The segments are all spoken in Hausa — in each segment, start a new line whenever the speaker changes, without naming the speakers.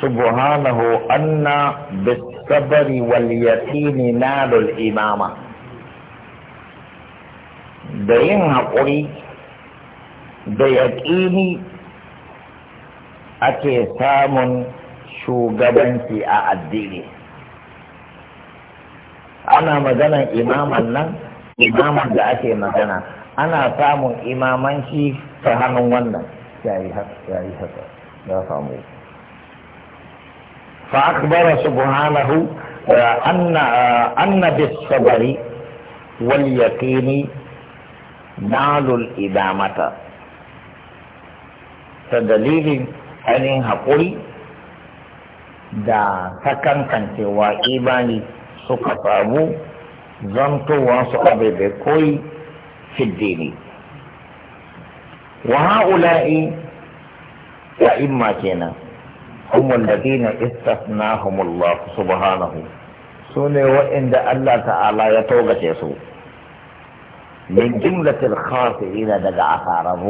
سبحانه أن wal واليقين نال imama. da yin haƙuri da yaƙini ake samun shugabanci a addini ana maganan imaman nan imaman da ake magana ana samun imamanci ta hannun wannan yayi haka ya samu fa akbara subhanahu eh, anna eh, anna bis wal yaqini nalul idamata ta dalilin ainihin haƙuri da sakankancewa imani suka samu zantowa su abai koyi fiddini wa ha'ula'i a'imma kenan هم الذين استثناهم الله سبحانه سنة وإن الله تعالى يتوقع يسوع من جملة الخاطئين دقع أثاره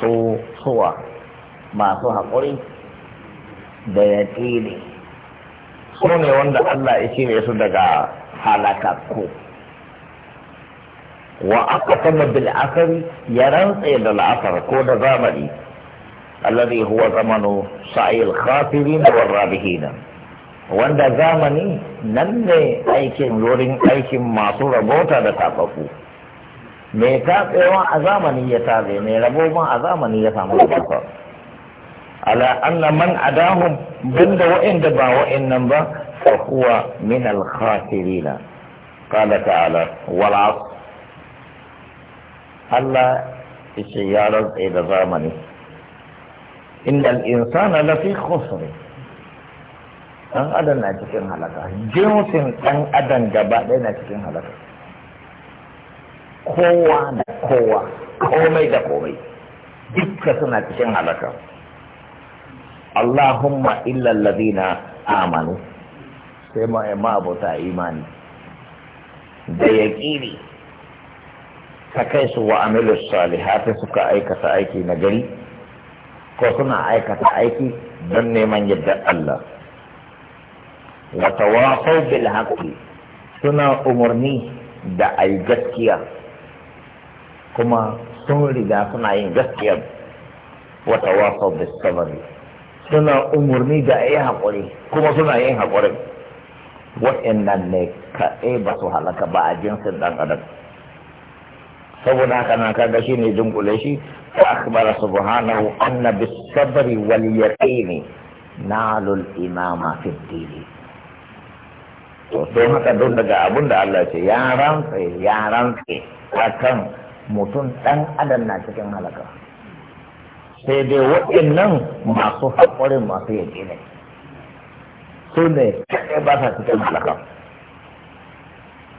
سو سوى ما سوى قري da yaƙini su ne wanda Allah ya cire su daga halakakku wa aka bil asri ya rantsa da la'afar ko da zamani alladhi huwa zamanu sa'il khafirin war rabihin wanda zamani nan ne aikin wurin aikin masu rabota da tafafu mai tatsewa a zamani ya tabe mai rabo ma a zamani ya samu rabota ala anna man adahum banda wa'inda ba wa'innan ba fa huwa min al-khasirin qala ta'ala wal 'asr Allah yace ya rantsa da zamani innal insana lafi khusr dan adam na cikin halaka jinsin dan adam gaba ɗaya na cikin halaka kowa da kowa komai da komai dukka suna cikin halaka Allahumma illa na amanu sai ma abota imani da yaƙini ka kai su wa amilu salihati suka aikata aiki na gari ko suna aikata aiki don neman yadda Allah wa tawasau bil haqqi suna umarni da ai gaskiya kuma sun riga suna yin gaskiya wa tawasau bis sabri suna umarni da ai haƙuri kuma suna yin haƙuri wa'annan ne ka ba su halaka ba a jinsin dan adam saboda haka na kaga shi ne dunkule shi fa akhbara subhanahu anna bis sabri wal yaqini nalul imama fi dini to don haka don daga abun da Allah ce ya rantse ya rantse akan mutum dan adam na cikin halaka sai dai waɗannan masu haƙurin masu yaƙi ne ne ba sa cikin halaka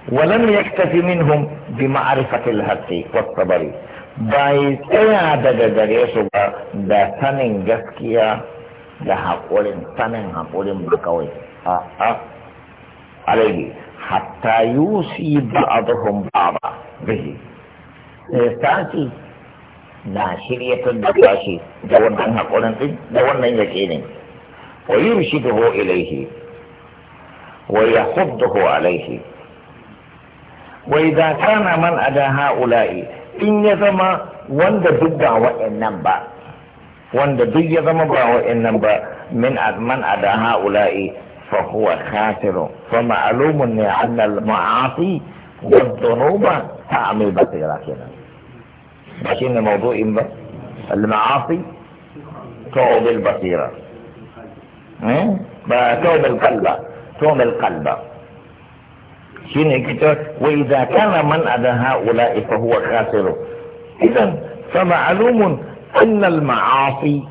ولم يكتفي منهم بمعرفة الحق والطبري باي تيا دغ غريسو با دا تنين جسكيا دا حقولين تنين حقولين بكوي اه اه عليه حتى يوصي بعضهم بعضا به ساتي na شرية da دون أن wannan haƙurin دون أن يكينين ويرشده إليه ويحضه عليه وإذا كان من أدى هؤلاء إن يزم وند ضد وإنم با وند ضد يزم با وإنم با من من أدى هؤلاء فهو خاسر فمعلوم أن المعاصي والذنوب تعمل بصيرتنا لكن موضوع المعاصي تعمل البصيرة إيه؟ تعمل القلب تعمل القلب shine kita wa idza kana man adaha haula fa huwa khasir idan fa ma'lum an al ma'asi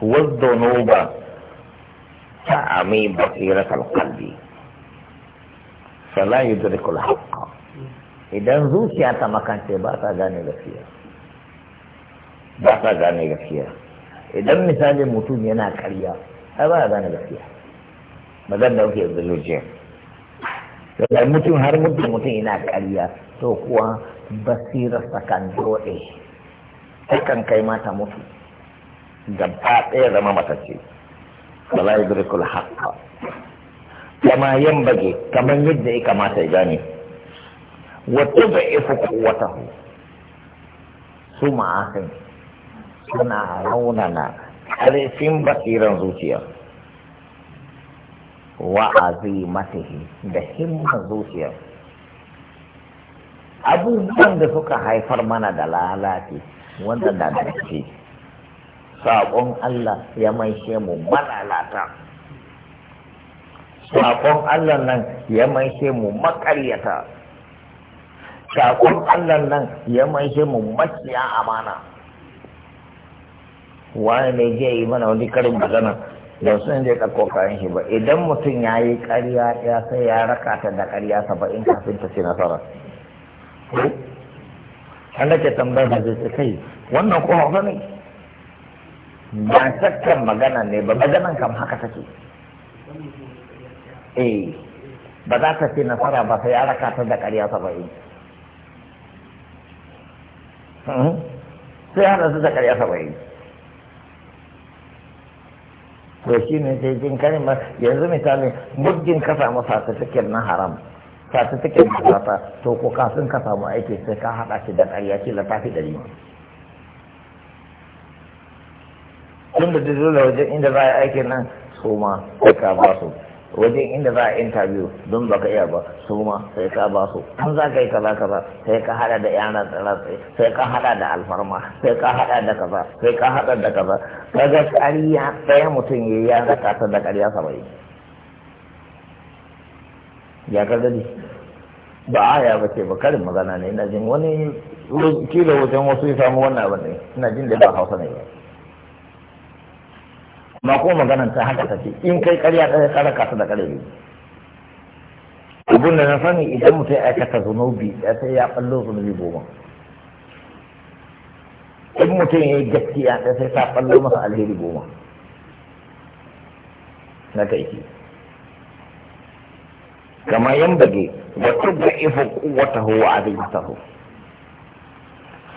wa al dhunuba ta'ami basira al qalbi fala yudriku al haqq idan ata makan ce ba ta gane gaskiya ba ta gane gaskiya idan misali mutum yana karya ba ta gane gaskiya magana da dauke da zuciya da mutum har mutum mutum yana ƙarya to kuwa basirar sakan dole takan kai mata mutu gaba ɗaya zama matacce wala yudrikul haqqa kama yambage kamar yadda ya kamata ya gane wa tud'ifu hu su ma'asin suna raunana ƙarfin basiran zuciya wa masihi da himman zuciyar abubuwan da suka haifar mana da lalace wanda da dace saƙon Allah ya maishe mu malalata saƙon Allah nan ya maishe mu makaryata saƙon Allah nan ya maishe mu maciya amana wani ne zai yi mana wani karin magana da sun zai ɗauko kayan shi ba idan mutum ya yi ƙarya ya sai ya raka ta da ƙarya saba'in kafin ta ce nasara an da ke tambayar da zai kai wannan ko hausa ne ba shakkan magana ne ba maganan kam haka take eh ba za ta ce nasara ba sai ya raka ta da ƙarya saba'in hmm? sai ya ta da ƙarya saba'in to shi ne sai jin karin ba yanzu misali muddin ka samu satifikin na haram satifikin na fata to ko kafin ka samu aiki sai ka haɗa shi da ƙarya shi da tafi ɗari tun da dole wajen inda za a yi aikin nan su ma sai ka ba su wajen inda za a interview don baka iya ba su ma sai ka ba su an za ka yi kaza kaza sai ka hada da yanar tsirrai sai ka hada da alfarma sai ka hada da kaza sai ka hada da kaza kaga kariya daya mutum ya yi ya zaka ta da ƙarya saba'in ya ka gani ba aya ba ce ba karin magana ne ina jin wani kila wajen wasu ya samu wannan abin ne ina jin da ba hausa ne ba ba ko maganan ta haka take in kai karya ɗaya kara kasu da kare biyu abin da na sani idan mutum ya aikata zunubi ya sai ya ɓallo zunubi goma in mutum ya yi gaskiya ya sai ta ɓallo masa alheri goma na taiki kamar yan bage ga tubba ifu huwa wa adilatahu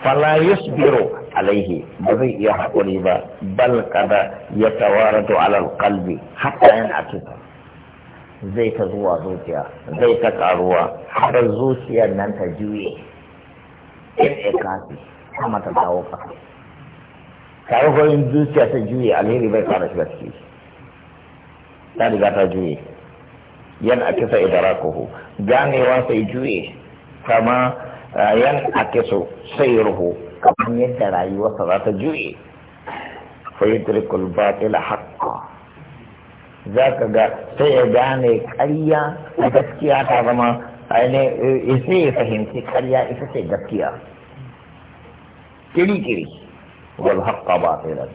فلا يصبر عليه بذي يحقني با بل كدا يتوارد على القلب حتى ينعكس زي تزوى زوتيا زي تكاروا حتى زوتيا لن تجوي إن إكاسي كما تتعوفا تعوفا إن زوتيا تجوي عليه ربا يقارش بسكي تاري قاتا جوي ينعكس إدراكه جاني وانسي جوي كما yan akisu sayruhu kamar yadda rayuwarsa za ta juye fa yudrikul batila haqqa za ka ga sai ya gane ƙarya a gaskiya ta zama eh, sai ya fahimci ƙarya ita ce gaskiya kiri-kiri wal haqqa batilan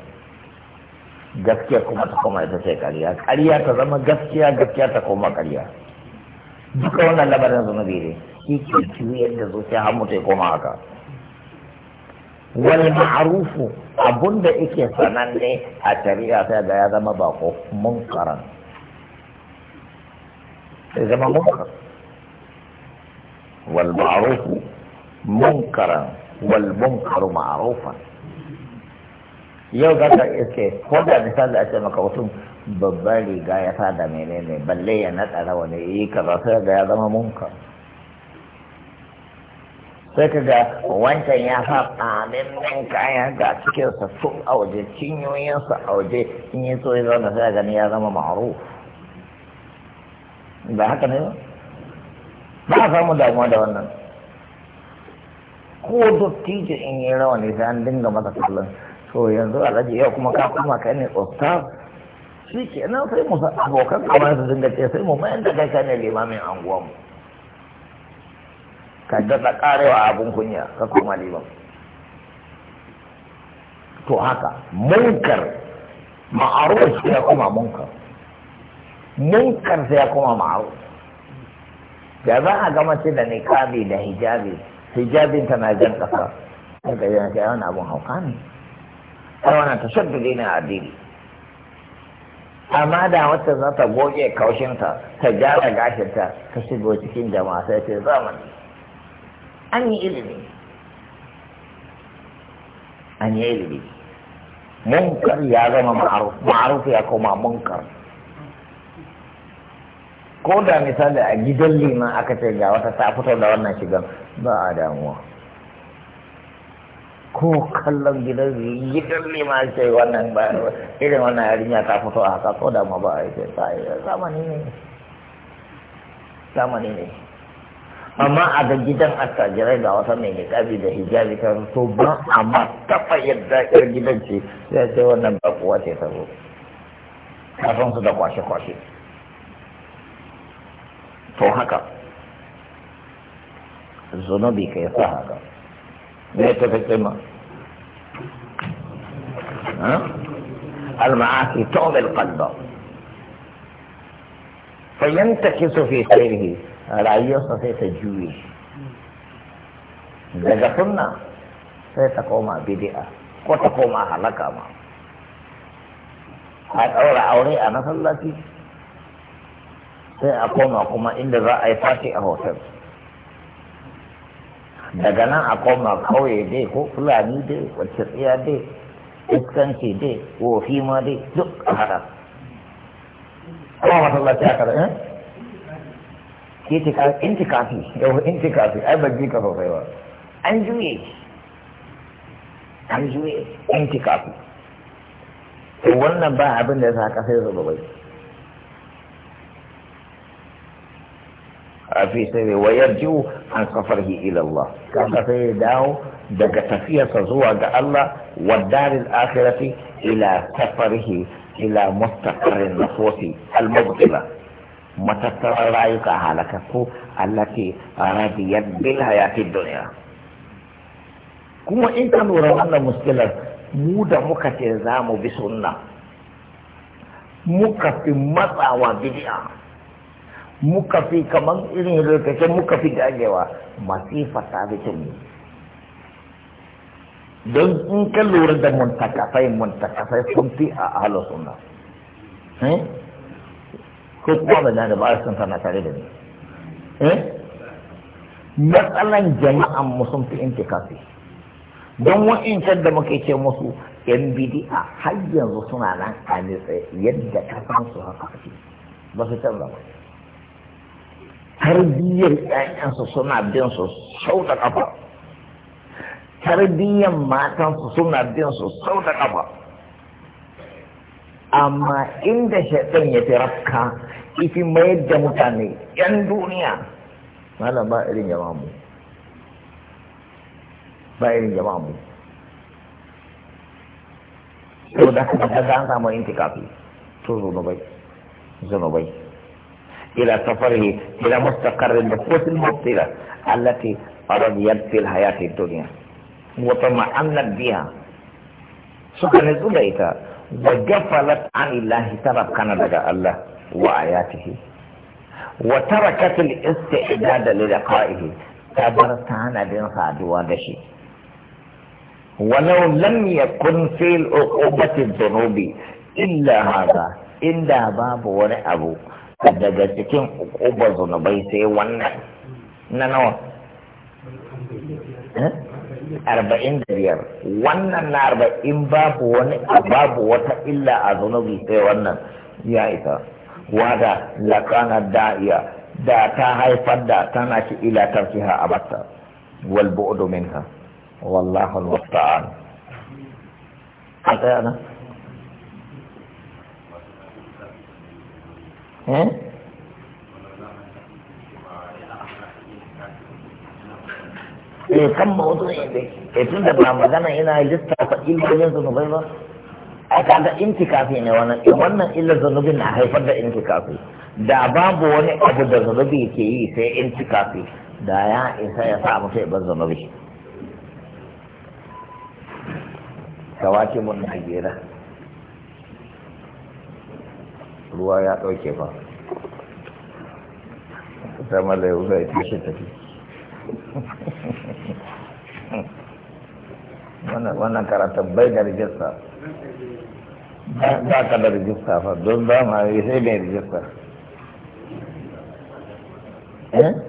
gaskiya kuma ta koma ita ce ƙarya ƙarya ta zama gaskiya gaskiya ta koma ƙarya duka wannan labarin zunubi ne shi ke juyar da zuciya har mutu ya koma haka wal ma'arufu abunda yake sananne a tariya sai da ya zama bako munkaran sai zama munkar wal ma'arufu munkaran wal munkaru ma'arufan yau za ka iske ko da misali a ce maka wasu babban riga ya fada menene balle ya naɗa rawa ne yi kaza sai ga ya zama munka sai ka ga wancan ya fa tsamin ya ga sa sun a waje cinyoyinsa a waje in yi so ya zauna sai gani ya zama ma'aruf ba haka ne ba ba a samu damuwa da wannan ko dattijo in yi rawa ne sai an dinga masa kullum so yanzu alhaji yau kuma ka kuma kai ne ustaz shi ke nan sai mu abokan kamar su dinga ce sai mu mayan da kai ne limamin anguwanmu ka daɗa ƙarewa abin kunya ka koma liman to haka munkar ma'aruf sai ya koma munkar munkar sai ya koma ma'aruf da za a gama shi da niqabi da hijabi hijabin na jan ƙasa daga yana ta yawan abin hauka ne wana ta shaddu ne addini amma da wata za ta goge kaushinta ta gyara gashinta ta shigo cikin jama'a sai ce zamani an yi ilimi an yi ilimi munkar ya zama ma'aruf ya koma munkar ko da misali a gidan liman aka ce ga wata ta fito da wannan shigan ba a damuwa ko kallon gidan gidan ne ma ce wannan ba irin wannan yarinya ta fito a haka ko da ma ba a yi zamani ne zamani ne amma a ga gidan attajirai ga wata mai niƙabi da hijabi ta to ba amma tafa yadda ƴar gidan ce sai ce wannan ba kuwa ce ta zo kafin su da kwashe-kwashe to haka zunubi ka yi sa haka ليس لا تفتما المعاصي تعمل القلب فينتكس في خيره على أيها صفية الجوي لذا قلنا فيتقوما بدئة وتقوما حلقاما هل أولى أولي أنا صلاتي سيقوم أقوم إن رأي فاتئه تبسي daga nan a koma kauye dai ko fulani dai wacce tsaya dai iskanci dai ko ma dai duk a hada kuma masallaci a eh? karɓi intikafi yau intikafi ai ban ji ka sosai ba an juye an juye intikafi to wannan ba abin da ya sa ka sai zuba bai fi sirri wayar yarji'u an safarhi ila Allah kaga sai dawo daga tafiyarsa zuwa ga Allah wa daril akhirati ila safarhi ila mustaqarrin nufusi al-mubtila matattarar rayuka halakakku allati radiyat bil hayati dunya kuma in ka lura wannan muskilar mu da muka ce za mu bi sunna muka fi matsawa bid'a muka fi kamar irin lokacin muka fi dagewa masifa sabitin ne don in ka lura da muntakafai muntakafai sun fi a halar suna eh? ko kuma ba da ba sun sana tare da ni eh? matsalan jama'an mu sun fi intikafi don wa'incan da muke ce musu yan bidi'a har yanzu suna nan a nitsa yadda kasan su haka ba su canza ba tarbiyyar ƴaƴansu suna bin su sau da ƙafa tarbiyyar matansu suna bin su sau da ƙafa amma inda shaɗan ya fi rafka ifi mayar da mutane ƴan duniya malam ba irin jama'a mu ba irin jama'a mu saboda ga an samu intikafi to zo zo na bai na bai. إلى سفره إلى مستقر النفوس المبطلة التي رضيت في الحياة الدنيا وطمأنت بها سبحان إليها وجفلت عن الله تركنا لك الله وآياته وتركت الاستعداد للقائه تبرت عن الإنصاد ودشي ولو لم يكن في العقوبة الذنوب إلا هذا إلا باب أبو daga cikin ukubar zunubai sai wannan na nawa eh? arba'in da biyar wannan na arba'in babu wani babu wata illa a zunubi sai wannan ya isa wada laƙana da'iya da ta haifar da tana ci ila tarkiha a bata wal bu'du minha wallahu musta'an a tsaya Eh? eh kan mawdu'in da ke tun da ba magana ina lissafa illolin zunubai ba ai kaga intikafi ne wannan in eh, wannan illa zunubin na haifar da kafi, da babu wani abu da zunubi ke yi sai kafi, da ya isa ya sa mutum ibar zunubi kawaki mun na gera ruwa ya ɗauke ba ta mala yau zai tafi tafi wannan karatun bai da rijista ba ka da rijista ba don ba ma yi sai da rijista eh